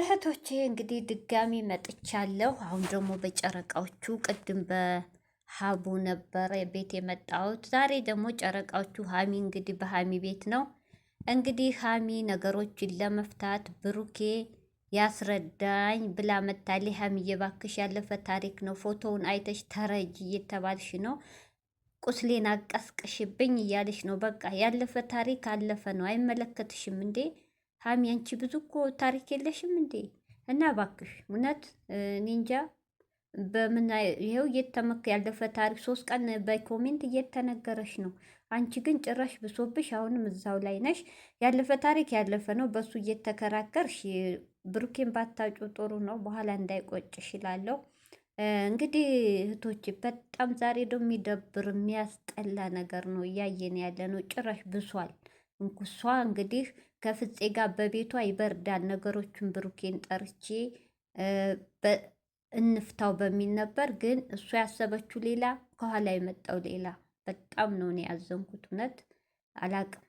እህቶቼ እንግዲህ ድጋሚ መጥቻለሁ። አሁን ደግሞ በጨረቃዎቹ ቅድም በሀቡ ነበረ ቤት የመጣሁት። ዛሬ ደግሞ ጨረቃዎቹ ሀሚ እንግዲህ በሀሚ ቤት ነው። እንግዲህ ሀሚ ነገሮችን ለመፍታት ብሩኬ ያስረዳኝ ብላ መታለ። ሀሚ እየባክሽ ያለፈ ታሪክ ነው፣ ፎቶውን አይተሽ ተረጅ እየተባልሽ ነው፣ ቁስሌን አቀስቅሽብኝ እያለሽ ነው። በቃ ያለፈ ታሪክ አለፈ ነው፣ አይመለከትሽም እንዴ ሀሚ አንቺ ብዙ እኮ ታሪክ የለሽም እንዴ? እና እባክሽ እውነት እኔ እንጃ ይኸው እየተመክ ያለፈ ታሪክ ሶስት ቀን በኮሜንት እየተነገረሽ ነው። አንቺ ግን ጭራሽ ብሶብሽ አሁንም እዛው ላይ ነሽ። ያለፈ ታሪክ ያለፈ ነው። በሱ እየተከራከርሽ ብሩኬን ባታጩ ጥሩ ነው፣ በኋላ እንዳይቆጭሽ ይላለው። እንግዲህ እህቶች በጣም ዛሬ ደግሞ የሚደብር የሚያስጠላ ነገር ነው እያየን ያለ ነው። ጭራሽ ብሷል። እንኩሷ እንግዲህ ከፍፄ ጋር በቤቷ ይበርዳል። ነገሮቹን ብሩኬን ጠርቼ እንፍታው በሚል ነበር፣ ግን እሱ ያሰበችው ሌላ፣ ከኋላ የመጣው ሌላ። በጣም ነው እኔ ያዘንኩት። እውነት አላቅም።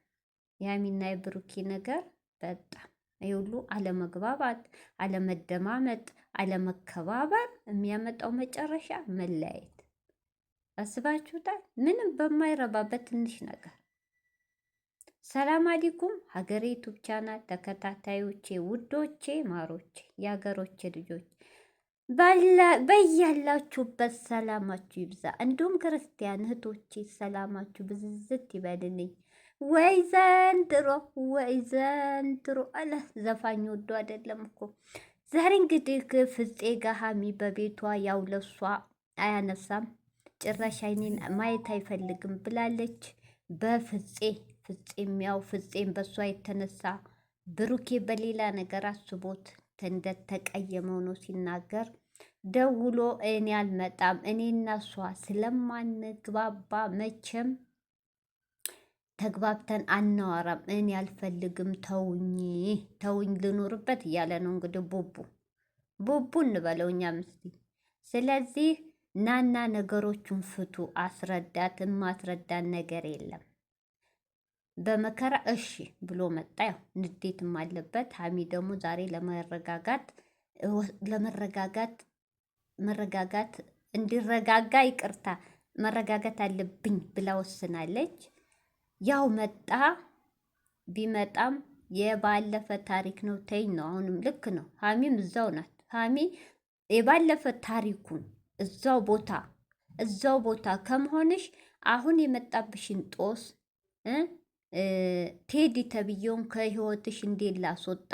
የአሚና የብሩኬ ነገር በጣም ይህ አለመግባባት፣ አለመደማመጥ፣ አለመከባበር የሚያመጣው መጨረሻ መለያየት። አስባችሁታል? ምንም በማይረባ በትንሽ ነገር ሰላም አሊኩም ሀገሬ ዩቱብ ቻናል ተከታታዮቼ ውዶቼ ማሮቼ የሀገሮቼ ልጆች በያላችሁበት ሰላማችሁ ይብዛ። እንዲሁም ክርስቲያን እህቶቼ ሰላማችሁ ብዝዝት ይበልልኝ። ወይ ዘንድሮ ወይ ዘንድሮ አለ ዘፋኝ ወዶ አይደለም እኮ ዛሬ እንግዲህ ፍፄ ገሃሚ በቤቷ ያው ለሷ አያነሳም ጭራሽ አይኔን ማየት አይፈልግም ብላለች በፍፄ ያው ፍፄም በእሷ የተነሳ ብሩኬ በሌላ ነገር አስቦት እንደተቀየመው ተቀየመው ነው ሲናገር ደውሎ እኔ አልመጣም እኔ እና እሷ ስለማንግባባ መቼም ተግባብተን አናዋራም እኔ አልፈልግም፣ ተውኝ ተውኝ ልኖርበት እያለ ነው እንግዲህ ቡቡ ቡቡ እንበለው እኛ ምስቲ። ስለዚህ ናና ነገሮቹን ፍቱ፣ አስረዳት። የማስረዳን ነገር የለም። በመከራ እሺ ብሎ መጣ። ያው ንዴትም አለበት። ሀሚ ደግሞ ዛሬ ለመረጋጋት ለመረጋጋት መረጋጋት እንዲረጋጋ ይቅርታ መረጋጋት አለብኝ ብላ ወስናለች። ያው መጣ ቢመጣም የባለፈ ታሪክ ነው ተይኝ ነው። አሁንም ልክ ነው። ሀሚም እዛው ናት። ሀሚ የባለፈ ታሪኩን እዛው ቦታ እዛው ቦታ ከመሆንሽ አሁን የመጣብሽን ጦስ ቴዲ ተብዬውን ከህይወትሽ እንዴ ላስወጣ፣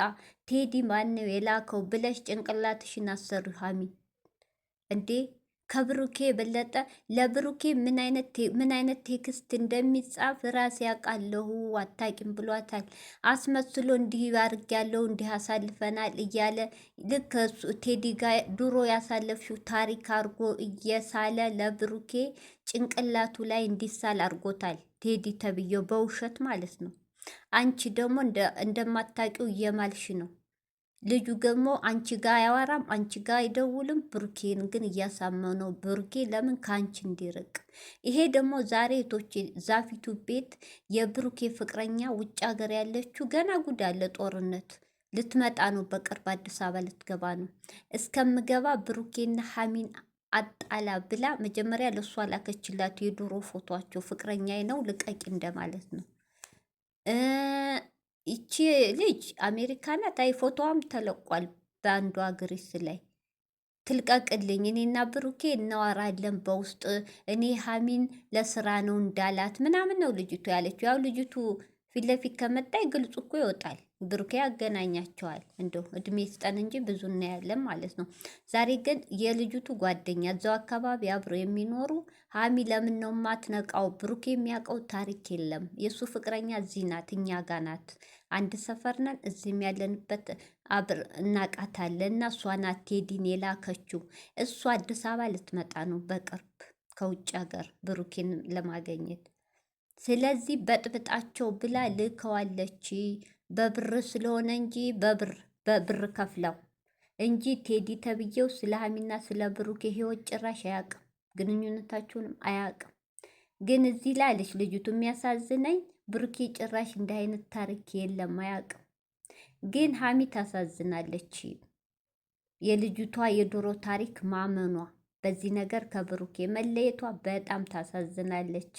ቴዲ ማነው የላከው ብለሽ ጭንቅላትሽን አሰሪ ሀሚ እንዴ ከብሩኬ የበለጠ ለብሩኬ ምን አይነት ቴክስት እንደሚጻፍ ራሴ ያውቃለሁ አታቂም ብሏታል። አስመስሎ እንዲህ ያለው እንዲህ አሳልፈናል እያለ ልክ ቴዲ ጋ ድሮ ያሳለፍሽው ታሪክ አርጎ እየሳለ ለብሩኬ ጭንቅላቱ ላይ እንዲሳል አርጎታል። ቴዲ ተብዬው በውሸት ማለት ነው። አንቺ ደግሞ እንደማታቂው እየማልሽ ነው። ልጁ ደግሞ አንቺ ጋ አያወራም፣ አንቺ ጋ አይደውልም። ብሩኬን ግን እያሳመነው ብሩኬ ለምን ከአንቺ እንዲርቅ። ይሄ ደግሞ ዛሬ ቶች ዛፊቱ ቤት የብሩኬ ፍቅረኛ ውጭ ሀገር ያለችው ገና ጉድ አለ ጦርነት ልትመጣ ነው። በቅርብ አዲስ አበባ ልትገባ ነው። እስከምገባ ብሩኬና ሀሚን አጣላ ብላ መጀመሪያ ለእሷ ላከችላት የድሮ ፎቷቸው ፍቅረኛ ነው ልቀቂ እንደማለት ነው። ይቺ ልጅ አሜሪካ ናት። አይ ፎቶዋም ተለቋል በአንዷ ግሪስ ላይ ትልቀቅልኝ እኔና ብሩኬ እናወራለን በውስጥ እኔ ሀሚን ለስራ ነው እንዳላት ምናምን ነው ልጅቱ ያለችው። ያው ልጅቱ ፊት ለፊት ከመጣ ግልጹ እኮ ይወጣል። ብሩኬ ያገናኛቸዋል። እንደው እድሜ ስጠን እንጂ ብዙ እናያለን ማለት ነው። ዛሬ ግን የልጅቱ ጓደኛ እዛው አካባቢ አብረው የሚኖሩ ሀሚ ለምን ነው ማትነቃው? ብሩኬ የሚያውቀው ታሪክ የለም። የእሱ ፍቅረኛ እዚህ ናት፣ እኛ ጋ ናት። አንድ ሰፈር ነን። እዚህም ያለንበት አብር እናቃታለን። እና እሷ ናት ቴዲን የላከችው። እሷ አዲስ አበባ ልትመጣ ነው በቅርብ ከውጭ ሀገር ብሩኬን ለማገኘት። ስለዚህ በጥብጣቸው ብላ ልከዋለች። በብር ስለሆነ እንጂ በብር በብር ከፍለው እንጂ ቴዲ ተብዬው ስለ ሀሚና ስለ ብሩኬ ህይወት ጭራሽ አያውቅም፣ ግንኙነታችሁንም አያውቅም። ግን እዚህ ላለች ልጅቱ የሚያሳዝነኝ ብሩኬ ጭራሽ እንደ አይነት ታሪክ የለም አያውቅም። ግን ሀሚ ታሳዝናለች። የልጅቷ የድሮ ታሪክ ማመኗ በዚህ ነገር ከብሩኬ መለየቷ በጣም ታሳዝናለች።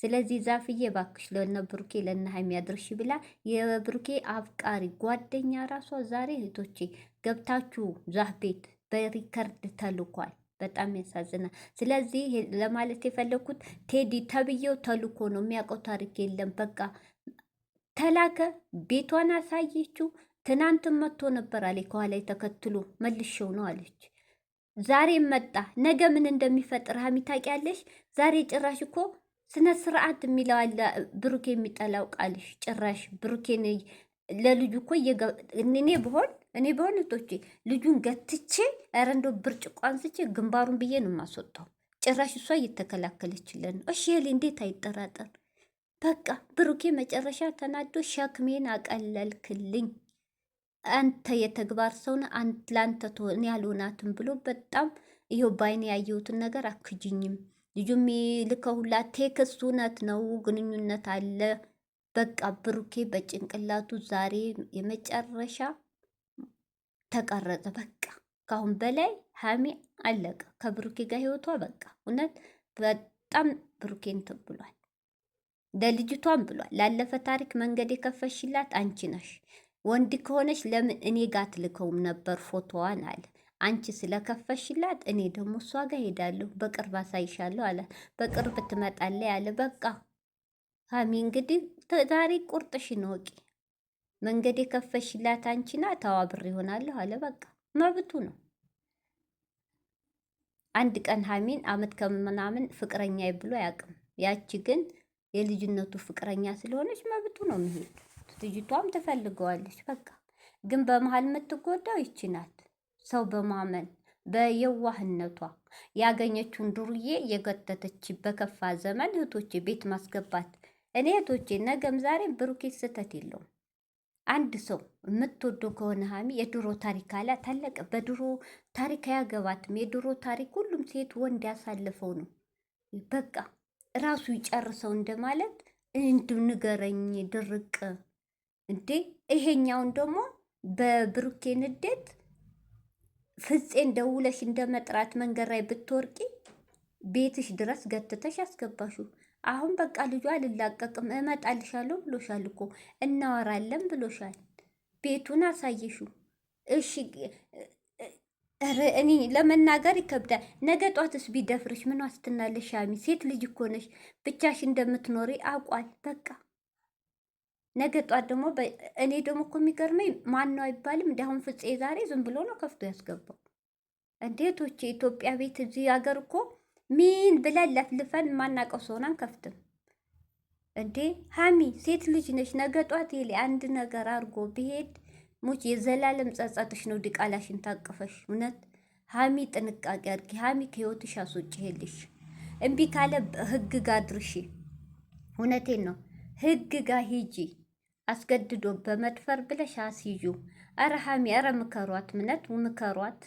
ስለዚህ ዛፍዬ ባክሽ ለነ ብሩኬ ለነ ሀሚ ያድርሽ ብላ የብሩኬ አፍቃሪ ጓደኛ ራሷ ዛሬ እህቶቼ ገብታችሁ ዛፍ ቤት በሪከርድ ተልኳል። በጣም ያሳዝናል። ስለዚህ ለማለት የፈለግኩት ቴዲ ተብዬው ተልኮ ነው የሚያውቀው ታሪክ የለም። በቃ ተላከ፣ ቤቷን አሳየችው። ትናንትም መጥቶ ነበር አለ ከኋላ ተከትሎ መልሼው ነው አለች። ዛሬም መጣ። ነገ ምን እንደሚፈጥር ሀሚ ታውቂያለሽ። ዛሬ ጭራሽ እኮ ስነ ስርዓት የሚለው አለ ብሩኬ የሚጠላው ቃልሽ ጭራሽ ብሩኬን ለልጁ እኮ እኔ ብሆን እኔ በእውነቶቼ ልጁን ገትቼ ኧረ እንደው ብርጭቆ አንስቼ ግንባሩን ብዬ ነው የማስወጣው። ጭራሽ እሷ እየተከላከለችለን ነው። እሺ ሄሌ እንዴት አይጠራጠር። በቃ ብሩኬ መጨረሻ ተናዶ ሸክሜን አቀለልክልኝ፣ አንተ የተግባር ሰውን ለአንተ ትሆን ያልሆናትም ብሎ በጣም ይኸው ባይን ያየሁትን ነገር አክጅኝም ልጁ ልከሁላ ቴክስ እውነት ነው፣ ግንኙነት አለ። በቃ ብሩኬ በጭንቅላቱ ዛሬ የመጨረሻ ተቀረጸ። በቃ ካሁን በላይ ሀሚ አለቀ። ከብሩኬ ጋር ህይወቷ በቃ እውነት በጣም ብሩኬን ብሏል። ለልጅቷም ብሏል። ላለፈ ታሪክ መንገድ የከፈሽላት አንቺ ነሽ። ወንድ ከሆነች ለምን እኔ ጋር ትልከውም ነበር ፎቶዋን አለ። አንቺ ስለከፈሽላት እኔ ደግሞ እሷ ጋር ሄዳለሁ፣ በቅርብ አሳይሻለሁ አለ። በቅርብ ትመጣለ ያለ በቃ ሀሚ እንግዲህ ዛሬ ቁርጥሽን ወቂ። መንገድ የከፈሽላት አንቺ ና ተዋብር ይሆናለሁ አለ። በቃ መብቱ ነው። አንድ ቀን ሀሚን አመት ከምናምን ፍቅረኛ ብሎ አያውቅም። ያቺ ግን የልጅነቱ ፍቅረኛ ስለሆነች መብቱ ነው መሄድ። ልጅቷም ትፈልገዋለች። በቃ ግን በመሀል የምትጎዳው ይቺ ናት። ሰው በማመን በየዋህነቷ ያገኘችውን ዱርዬ የገተተች በከፋ ዘመን እህቶቼ ቤት ማስገባት እኔ እህቶቼ ነገም ዛሬ ብሩኬት ስህተት የለውም። አንድ ሰው የምትወደው ከሆነ ሀሚ የድሮ ታሪክ አላት አለቀ። በድሮ ታሪክ አያገባትም። የድሮ ታሪክ ሁሉም ሴት ወንድ ያሳለፈው ነው። በቃ ራሱ ይጨርሰው እንደማለት። እንድ ንገረኝ ድርቅ እንዴ። ይሄኛውን ደግሞ በብሩኬ ንዴት ፍፄን ደውለሽ እንደመጥራት መንገድ ላይ ብትወርቂ ቤትሽ ድረስ ገትተሽ አስገባሹ። አሁን በቃ ልጇ አልላቀቅም እመጣልሻለሁ ብሎሻል እኮ እናወራለን ብሎሻል። ቤቱን አሳየሹ። እሺ እኔ ለመናገር ይከብዳል። ነገ ጧትስ ቢደፍርሽ ምን ዋስትናለሽ? ሻሚ ሴት ልጅ እኮ ነሽ። ብቻሽ እንደምትኖሪ አውቋል። በቃ ነገ ጧት ደግሞ እኔ ደግሞ እኮ የሚገርመኝ ማን ነው አይባልም። እንደ ፍፄ ዛሬ ዝም ብሎ ነው ከፍቶ ያስገባው። እንዴቶቼ ኢትዮጵያ ቤት እዚህ ሀገር እኮ ሚን ብለን ለፍልፈን ማናቀው ሰውን አንከፍትም እንዴ ሀሚ ሴት ልጅ ነች ነገ ጧት ይሄ አንድ ነገር አድርጎ ብሄድ ሙች የዘላለም ጸጸትሽ ነው ድቃላሽን ታቅፈሽ እውነት ሀሚ ጥንቃቄ አድርጊ ሀሚ ከህይወትሽ አስወጪ ሄልሽ እምቢ ካለ ህግ ጋ ድርሺ እውነቴን ነው ህግ ጋ ሂጂ አስገድዶ በመድፈር ብለሽ አስይዩ ኧረ ሀሚ ኧረ ምከሯት ምከሯት